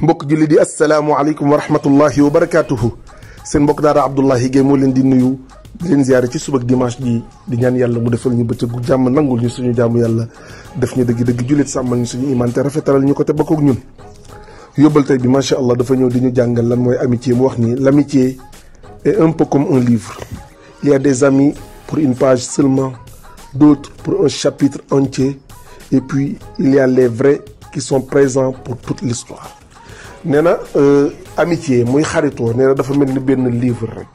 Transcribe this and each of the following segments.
mbok julli di assalamu alaykum wa rahmatullahi wa barakatuh seen mbok daara Abdoulaye Guèye moo leen di nuyu di leen ziare ci suba dimanche di di ñaan yalla mu defal ñu bëccëgu jàmm nangul ñu suñu jàmm yalla def ñu dëgg dëgg jullit samal ñu suñu iman té rafetal ñu ko bëkk ak ñun. yóbbal tay bi macha allah dafa ñew di ñu jàngal lan moy amitié mu wax ni l'amitié est un peu comme un livre il y a des amis pour une page seulement d'autres pour un chapitre entier et puis il y a les vrais qui sont présents pour toute l'histoire nee na euh, amitié muy xaritoo nee na dafa mel ni benn livre rek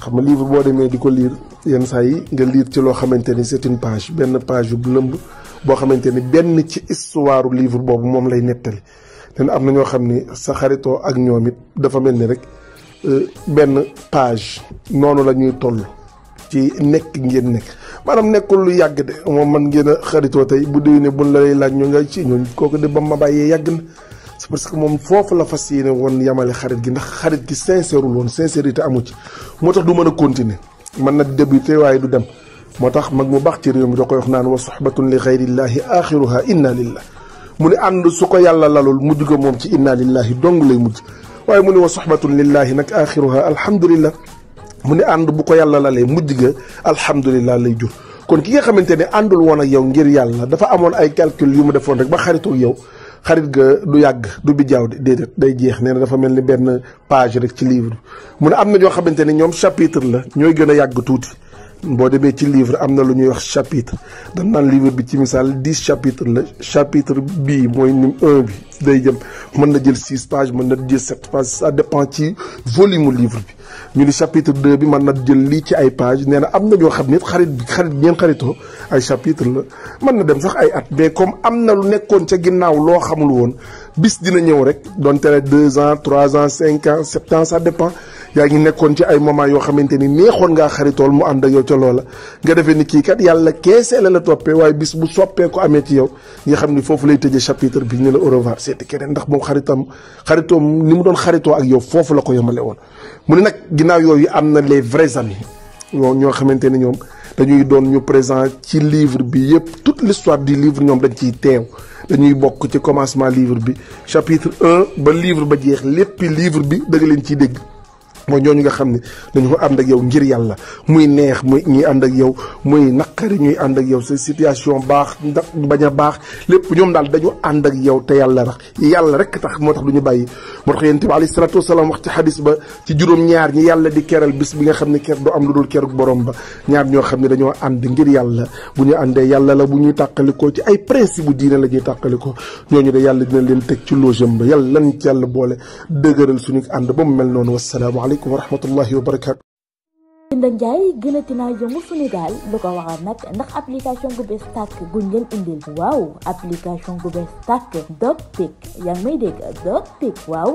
xam nga livre boo demee di ko liir yenn saa yi nga liir ci loo xamante ni c'est une page benn page bu lëmb boo xamante ni benn ci histoire livre boobu moom lay nettali nee am na ñoo xam ni sa xaritoo ak ñoom it dafa mel ni rek euh, benn page noonu la ñuy toll ci nekk ngeen nekk maanaam nekkul lu yàgg de moom man ngeen a xaritoo tey bu déwénee buñ la lay laaj ñu nga ci ñooñ kooku de ba ma bàyyee yàgg na c'est parce que mom fofu la fasiyene won yamale xarit gi ndax xarit gi sincère won sincérité amu ci motax du meuna continuer man na débuter waye du dem motax mag mu bax ci rew mi da koy wax nan wa suhbatun li ghayri allah akhiruha inna lillah muni ànd suko yàlla lalul mujj ga mom ci inna lillah dong lay mujj waye muni wa suhbatun lillah nak akhiruha alhamdulillah muni ànd bu ko yàlla lalee mujj ga alhamdulillah lay jur kon ki nga xamantene àndul won ak yow ngir yàlla dafa amone ay calcul yu mu defone rek ba xaritou yow xarit ga du yàgg du bijaaw déedéet day jeex nee na dafa mel ni benn page rek ci livre mu ne am na ñoo xamante ni ñoom chapitre la ñooy gën a yàgg tuuti boo demee ci livre am na lu ñuy wax chapitre dañ naan livre bi ci misaal dix chapitre la chapitre bi mooy nim un bi day jëm mën na jël six page mën na jël sept page ça dépend ci volume livre bi ñu ni chapitre deux bi mën na jël lii ci ay page nee na am na ñoo xam ne xarit bi xarit ngeen xaritoo ay chapitre la mën na dem sax ay at mais comme am na lu nekkoon ca ginnaaw loo xamul woon bis dina ñëw rek doon tere deux ans trois ans cinq ans sept ans ça dépend yaa ngi nekkoon ci ay moment yoo xamante ni neexoon ngaa xaritool mu ànd ak yow ca loola nga defee ni kii kat yàlla keesee la la toppee waaye bis bu soppee ko amee ci yow nga xam ni foofu lay tëjee chapitre bi ñu ne la au revoir seeti keneen ndax moom xaritam xaritoom ni mu doon xaritoo ak yow foofu la ko yemale woon mu ne nag ginnaaw yooyu am na les vrais amis ñoo xamante ni ñoom dañuy doon ñu présent ci livre bi yëpp toute l'histoire di livre ñoom dañ ciy teew dañuy bokk ci commencement livre bi chapitre 1 ba livre ba jeex léppi livre bi da nga ciy dégg mooy ñooñu nga xam ne dañu ko ànd ak yow ngir yàlla muy neex muy ñuy ànd ak yow muy naqari ñuy ànd ak yow sa situation baax ndax bañ a baax lépp ñoom daal dañu ànd ak yow te yàlla rax yàlla rekk tax moo tax du ñu bàyyi moo tax yonent bi alayhi وقت wasalaam wax تجرم نيار ba ci juróom-ñaar ñi yàlla di keral bis bi nga xam ne ker du am lu dul keruk borom ba ñaar ñoo xam ne dañoo ànd أي yàlla bu اي àndee yàlla la bu ñuy tàqalikoo ci ay principe bu diine la ñuy tàqalikoo ñooñu de yàlla dina leen teg ci logem ba yàlla lan ci yàlla boole dëgëral suñu ànd ba mu mel noonu wasalaamaaleykum wa rahmatullahi ndax application gu indil waaw application gu bees tàkk Dog pic yang may Dog pic waaw